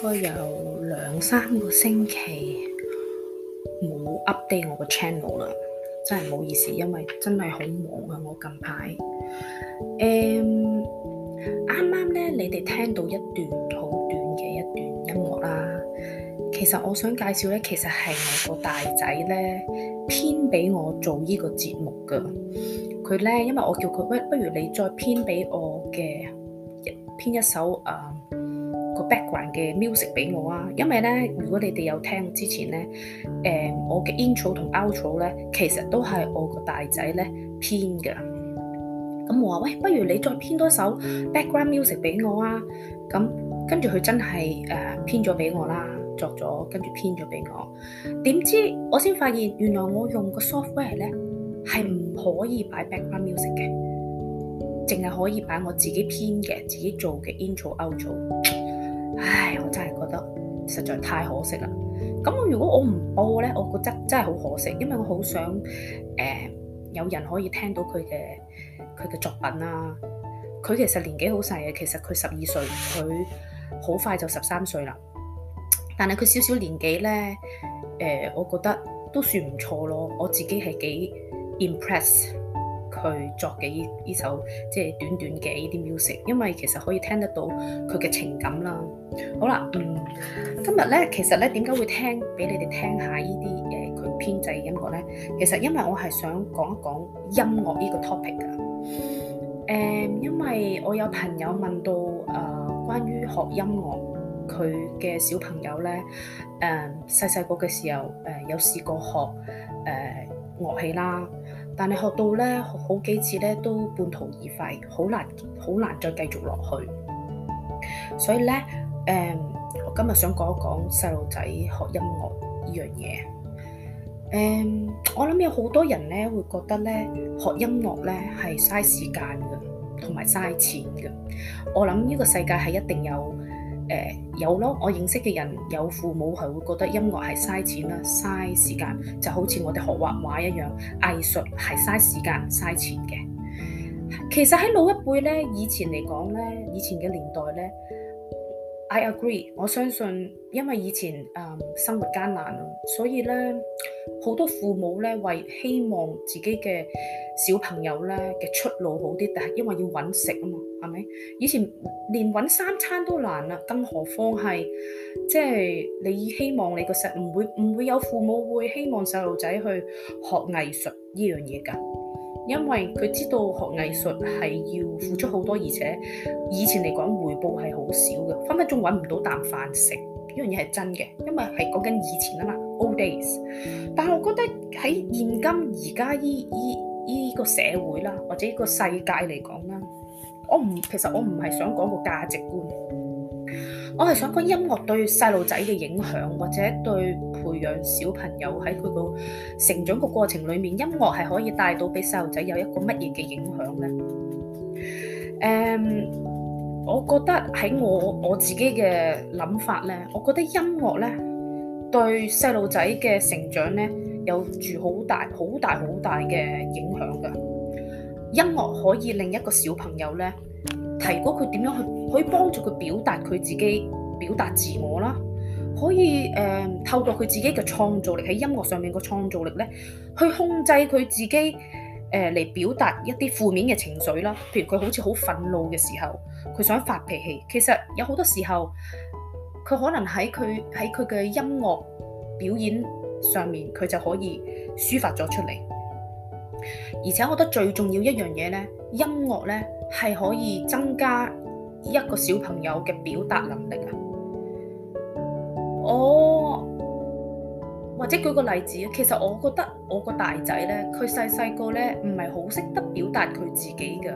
應該有兩三個星期冇 update 我個 channel 啦，真係唔好意思，因為真係好忙啊！我近排誒啱啱咧，你哋聽到一段好短嘅一段音樂啦。其實我想介紹咧，其實係我個大仔咧編俾我做呢個節目㗎。佢咧，因為我叫佢，不不如你再編俾我嘅編一首啊 background 嘅 music 俾我啊，因為咧，如果你哋有聽之前咧，誒、呃，我嘅 intro 同 outro 咧，其實都係我個大仔咧編嘅。咁、嗯、我話喂，不如你再編多首 background music 俾、嗯呃、我啊。咁跟住佢真係誒編咗俾我啦，作咗跟住編咗俾我。點知我先發現原來我用個 software 咧係唔可以擺 background music 嘅，淨係可以擺我自己編嘅、自己做嘅 intro outro。唉，我真係覺得實在太可惜啦！咁我如果我唔播呢，我覺得真係好可惜，因為我好想誒、呃、有人可以聽到佢嘅佢嘅作品啦、啊。佢其實年紀好細嘅，其實佢十二歲，佢好快就十三歲啦。但係佢少少年紀呢，誒、呃，我覺得都算唔錯咯。我自己係幾 impress。佢作嘅呢首即係短短嘅呢啲 music，因為其實可以聽得到佢嘅情感啦。好啦，嗯，今日咧其實咧點解會聽俾你哋聽下呢啲誒佢編製音樂咧？其實因為我係想講一講音樂呢個 topic 啊。誒、嗯，因為我有朋友問到誒、呃、關於學音樂，佢嘅小朋友咧誒細細個嘅時候誒、呃、有試過學誒樂、呃、器啦。但係學到咧，好幾次咧都半途而廢，好難好難再繼續落去。所以咧，誒、嗯，我今日想講一講細路仔學音樂呢樣嘢。誒、嗯，我諗有好多人咧會覺得咧學音樂咧係嘥時間嘅，同埋嘥錢嘅。我諗呢個世界係一定有。誒有咯，我認識嘅人有父母係會覺得音樂係嘥錢啦，嘥時間，就好似我哋學畫畫一樣，藝術係嘥時間嘥錢嘅。其實喺老一輩呢，以前嚟講呢，以前嘅年代呢。I agree，我相信因為以前誒、嗯、生活艱難啊，所以咧好多父母咧為希望自己嘅小朋友咧嘅出路好啲，但係因為要揾食啊嘛，係咪？以前連揾三餐都難啦，更何況係即係你希望你個細唔會唔會有父母會希望細路仔去學藝術呢樣嘢㗎？因為佢知道學藝術係要付出好多，而且以前嚟講回報係好少嘅，分分鐘揾唔到啖飯食。呢樣嘢係真嘅，因為係講緊以前啊嘛，old days。但係我覺得喺現今而家依依依個社會啦，或者呢個世界嚟講啦，我唔其實我唔係想講個價值觀，我係想講音樂對細路仔嘅影響，或者對。讓小朋友喺佢個成長嘅過程裏面，音樂係可以帶到俾細路仔有一個乜嘢嘅影響呢？誒，um，我覺得喺我我自己嘅諗法呢，我覺得音樂呢對細路仔嘅成長呢有住好大好大好大嘅影響㗎。音樂可以令一個小朋友呢，提高佢點樣去，可以幫助佢表達佢自己，表達自我啦。可以誒、呃，透過佢自己嘅創造力喺音樂上面嘅創造力咧，去控制佢自己誒嚟、呃、表達一啲負面嘅情緒啦。譬如佢好似好憤怒嘅時候，佢想發脾氣。其實有好多時候，佢可能喺佢喺佢嘅音樂表演上面，佢就可以抒發咗出嚟。而且我覺得最重要一樣嘢咧，音樂咧係可以增加一個小朋友嘅表達能力。我、oh, 或者舉個例子，其實我覺得我個大仔咧，佢細細個咧唔係好識得表達佢自己嘅，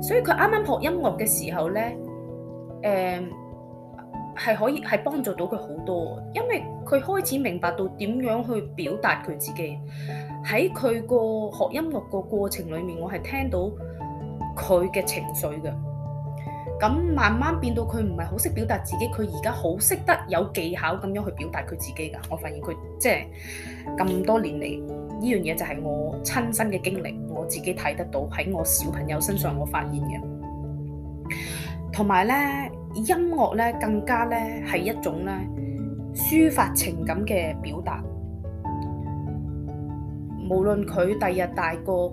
所以佢啱啱學音樂嘅時候咧，誒、嗯、係可以係幫助到佢好多，因為佢開始明白到點樣去表達佢自己。喺佢個學音樂個過程裡面，我係聽到佢嘅情緒嘅。咁慢慢變到佢唔係好識表達自己，佢而家好識得有技巧咁樣去表達佢自己㗎。我發現佢即係咁多年嚟，呢樣嘢就係我親身嘅經歷，我自己睇得到喺我小朋友身上，我發現嘅。同埋呢音樂呢，更加呢係一種呢抒發情感嘅表達。無論佢第日大個，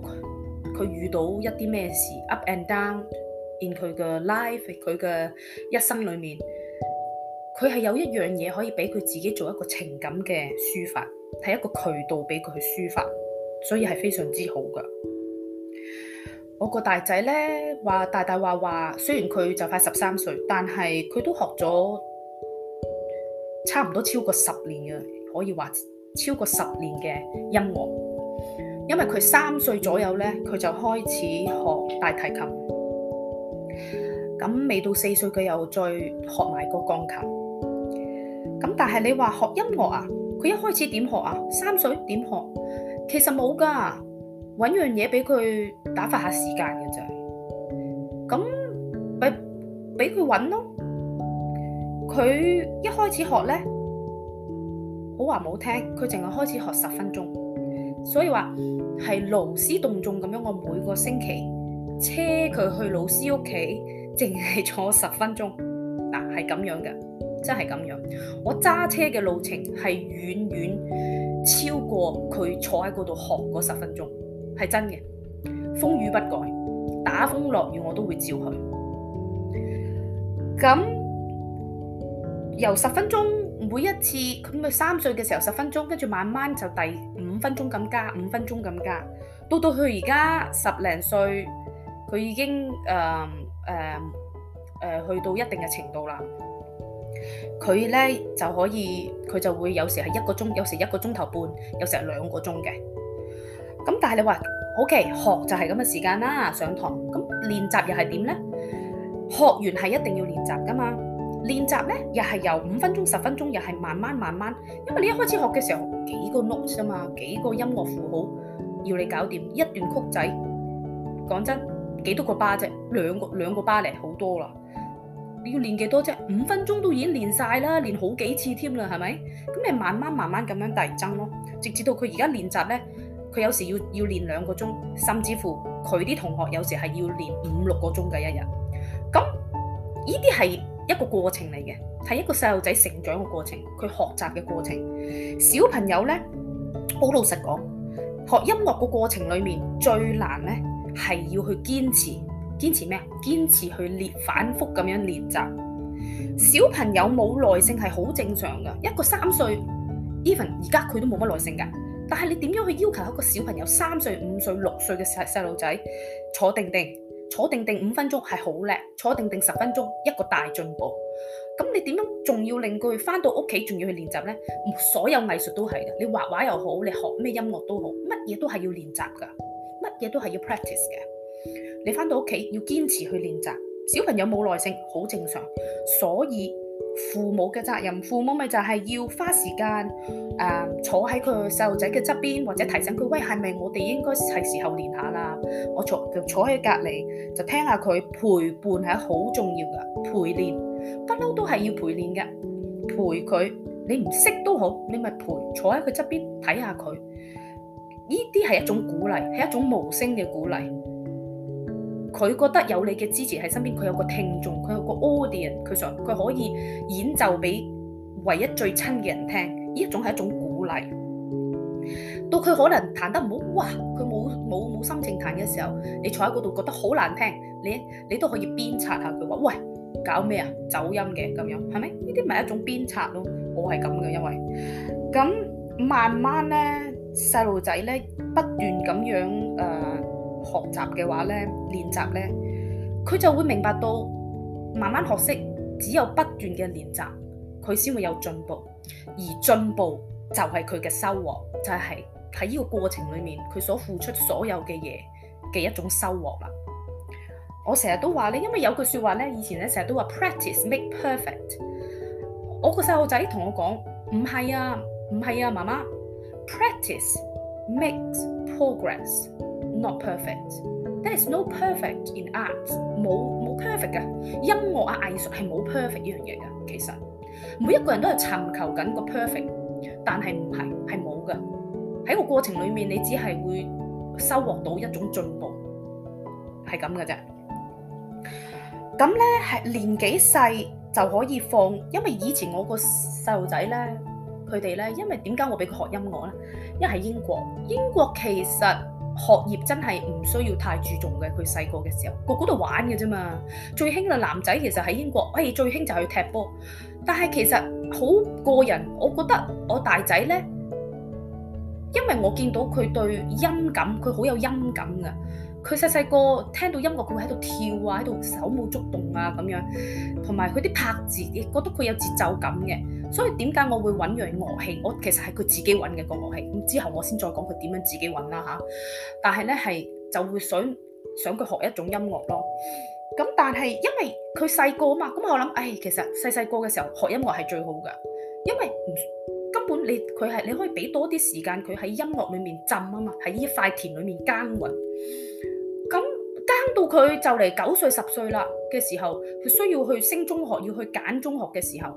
佢遇到一啲咩事，up and down。佢嘅 life，佢嘅一生裏面，佢係有一樣嘢可以俾佢自己做一個情感嘅抒發，係一個渠道俾佢去抒發，所以係非常之好㗎。我個大仔呢，話大大話話，雖然佢就快十三歲，但係佢都學咗差唔多超過十年嘅，可以話超過十年嘅音樂，因為佢三歲左右呢，佢就開始學大提琴。咁未到四歲，佢又再學埋個鋼琴。咁但係你話學音樂啊？佢一開始點學啊？三歲點學？其實冇㗎，揾樣嘢俾佢打發下時間嘅啫。咁咪俾佢揾咯。佢一開始學咧，我話冇聽，佢淨係開始學十分鐘。所以話係勞師動眾咁樣，我每個星期車佢去老師屋企。淨係坐十分鐘嗱，係咁樣嘅，真係咁樣。我揸車嘅路程係遠遠超過佢坐喺嗰度學嗰十分鐘，係真嘅。風雨不改，打風落雨我都會照佢。咁由十分鐘每一次，佢咪三歲嘅時候十分鐘，跟住慢慢就第五分鐘咁加，五分鐘咁加，到到佢而家十零歲，佢已經誒。呃誒、嗯、誒、呃，去到一定嘅程度啦，佢呢就可以，佢就會有時係一個鐘，有時一個鐘頭半，有時係兩個鐘嘅。咁、嗯、但係你話，OK，學就係咁嘅時間啦，上堂。咁練習又係點呢？學完係一定要練習㗎嘛，練習呢又係由五分鐘、十分鐘，又係慢慢慢慢。因為你一開始學嘅時候幾個 notes 啊嘛，幾個音樂符號要你搞掂一段曲仔。講真。幾多個巴啫？兩個兩個巴嚟好多啦！你要練幾多啫？五分鐘都已經練晒啦，練好幾次添啦，係咪？咁你慢慢慢慢咁樣遞增咯，直至到佢而家練習呢，佢有時要要練兩個鐘，甚至乎佢啲同學有時係要練五六個鐘嘅一日。咁呢啲係一個過程嚟嘅，係一個細路仔成長嘅過程，佢學習嘅過程。小朋友呢，好老實講，學音樂嘅過程裏面最難呢。係要去堅持，堅持咩啊？堅持去練，反復咁樣練習。小朋友冇耐性係好正常噶。一個三歲，even 而家佢都冇乜耐性噶。但係你點樣去要求一個小朋友三歲、五歲、六歲嘅細細路仔坐定定，坐定定五分鐘係好叻，坐定定十分鐘一個大進步。咁你點樣仲要令佢翻到屋企仲要去練習呢？所有藝術都係噶，你畫畫又好，你學咩音樂都好，乜嘢都係要練習噶。嘢都係要 practice 嘅，你返到屋企要堅持去練習。小朋友冇耐性，好正常，所以父母嘅責任，父母咪就係要花時間誒、呃、坐喺佢細路仔嘅側邊，或者提醒佢，喂，係咪我哋應該係時候練下啦？我坐就坐喺隔籬，就聽下佢，陪伴係好重要㗎，陪練不嬲都係要陪練嘅，陪佢你唔識都好，你咪陪坐喺佢側邊睇下佢。看看他。呢啲係一種鼓勵，係一種無聲嘅鼓勵。佢覺得有你嘅支持喺身邊，佢有個聽眾，佢有個 audience，佢想佢可以演奏俾唯一最親嘅人聽。呢一種係一種鼓勵。到佢可能彈得唔好，哇！佢冇冇冇心情彈嘅時候，你坐喺嗰度覺得好難聽，你你都可以鞭策下佢話：喂，搞咩啊？走音嘅咁樣，係咪？呢啲咪一種鞭策咯。我係咁嘅，因為咁慢慢咧。細路仔咧不斷咁樣誒學習嘅話咧練習咧，佢就會明白到慢慢學識，只有不斷嘅練習佢先會有進步，而進步就係佢嘅收穫，就係喺呢個過程裏面佢所付出所有嘅嘢嘅一種收穫啦。我成日都話咧，因為有句說話咧，以前咧成日都話 Practice make perfect 我我。我個細路仔同我講：唔係啊，唔係啊，媽媽。Practice makes progress, not perfect. There is no perfect in art. 冇冇 perfect 㗎。音樂啊藝術係冇 perfect 呢樣嘢㗎，其實每一個人都係尋求緊個 perfect，但係唔係係冇㗎。喺個過程裡面，你只係會收穫到一種進步，係咁嘅啫。咁咧係年紀細就可以放，因為以前我個細路仔咧。佢哋咧，因為點解我俾佢學音樂咧？因為喺英國，英國其實學業真係唔需要太注重嘅。佢細個嘅時候，個個度玩嘅啫嘛。最興嘅男仔其實喺英國，哎，最興就係去踢波。但係其實好個人，我覺得我大仔咧，因為我見到佢對音感，佢好有音感㗎。佢細細個聽到音樂，佢會喺度跳啊，喺度手舞足動啊咁樣，同埋佢啲拍子亦覺得佢有節奏感嘅。所以點解我會揾樣樂器？我其實係佢自己揾嘅個樂器。咁之後我先再講佢點樣自己揾啦吓，但係咧係就會想想佢學一種音樂咯。咁但係因為佢細個啊嘛，咁我諗誒、哎，其實細細個嘅時候學音樂係最好㗎，因為根本你佢係你可以俾多啲時間佢喺音樂裏面浸啊嘛，喺呢塊田裏面耕耘，到佢就嚟九歲十歲啦嘅時候，佢需要去升中學，要去揀中學嘅時候，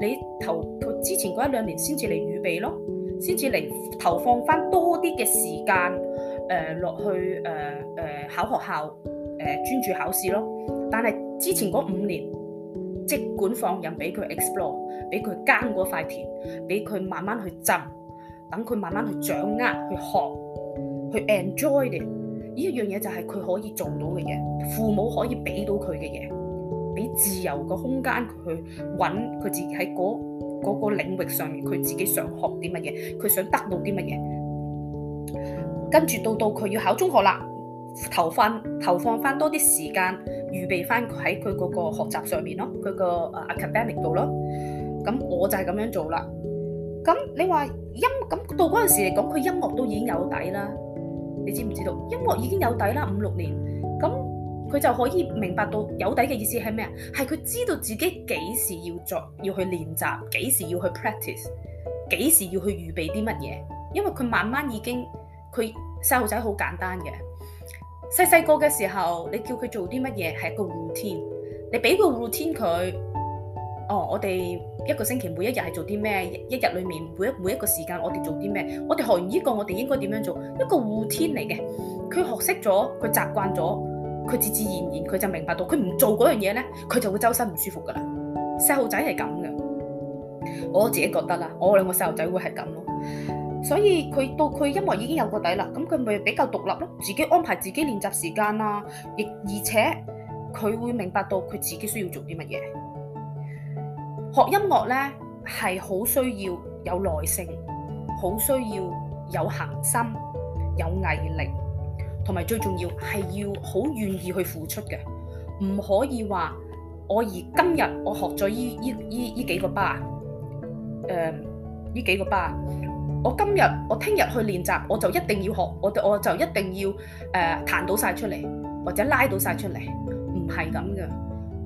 你投佢之前嗰一兩年先至嚟預備咯，先至嚟投放翻多啲嘅時間，誒、呃、落去誒誒、呃呃、考學校，誒、呃、專注考試咯。但係之前嗰五年，即管放任俾佢 explore，俾佢耕嗰塊田，俾佢慢慢去浸，等佢慢慢去掌握，去學，去 enjoy 呢一樣嘢就係佢可以做到嘅嘢，父母可以俾到佢嘅嘢，俾自由個空間佢揾佢自己喺嗰嗰個領域上面，佢自己想學啲乜嘢，佢想得到啲乜嘢。跟住到到佢要考中學啦，投放投放翻多啲時間，預備翻喺佢嗰個學習上面咯，佢個誒 academic 度咯。咁我就係咁樣做啦。咁你話音咁到嗰陣時嚟講，佢音樂都已經有底啦。你知唔知道？音樂已經有底啦，五六年，咁佢就可以明白到有底嘅意思係咩？係佢知道自己幾時要作，要去練習，幾時要去 practice，幾時要去預備啲乜嘢。因為佢慢慢已經，佢細路仔好簡單嘅，細細個嘅時候，你叫佢做啲乜嘢係一個 routine，你俾個 routine 佢。哦，我哋一個星期每一日係做啲咩？一日裏面每一每一個時間，我哋做啲咩？我哋學完呢個，我哋應該點樣做？一個護天嚟嘅，佢學識咗，佢習慣咗，佢自自然然佢就明白到，佢唔做嗰樣嘢咧，佢就會周身唔舒服噶啦。細路仔係咁嘅，我自己覺得啦，我兩個細路仔會係咁咯。所以佢到佢因為已經有個底啦，咁佢咪比較獨立咯，自己安排自己練習時間啦，亦而且佢會明白到佢自己需要做啲乜嘢。學音樂呢係好需要有耐性，好需要有恒心、有毅力，同埋最重要係要好願意去付出嘅，唔可以話我而今日我學咗依依依依幾個巴，誒、依、幾個巴，我今日我聽日去練習我就一定要學，我我就一定要誒彈、呃、到晒出嚟，或者拉到晒出嚟，唔係咁嘅，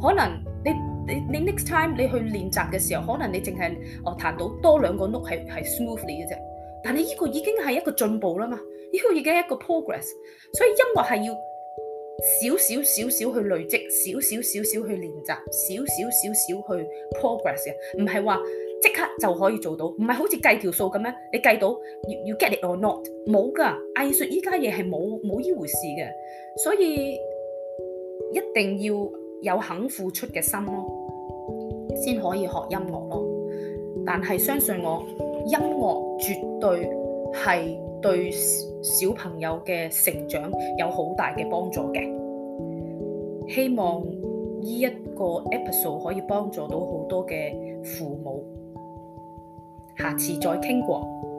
可能你。你你 next time 你去練習嘅時候，可能你淨係哦彈到多兩個 note 係係 smoothly 嘅啫。但係呢個已經係一個進步啦嘛，呢個已經係一個 progress。所以音樂係要少少少少去累積，少少少少去練習，少少少少去 progress 嘅，唔係話即刻就可以做到，唔係好似計條數咁樣，你計到要要 get it or not？冇㗎。藝術依家嘢係冇冇呢回事嘅，所以一定要有肯付出嘅心咯。先可以學音樂咯，但係相信我，音樂絕對係對小朋友嘅成長有好大嘅幫助嘅。希望呢一個 episode 可以幫助到好多嘅父母。下次再傾過。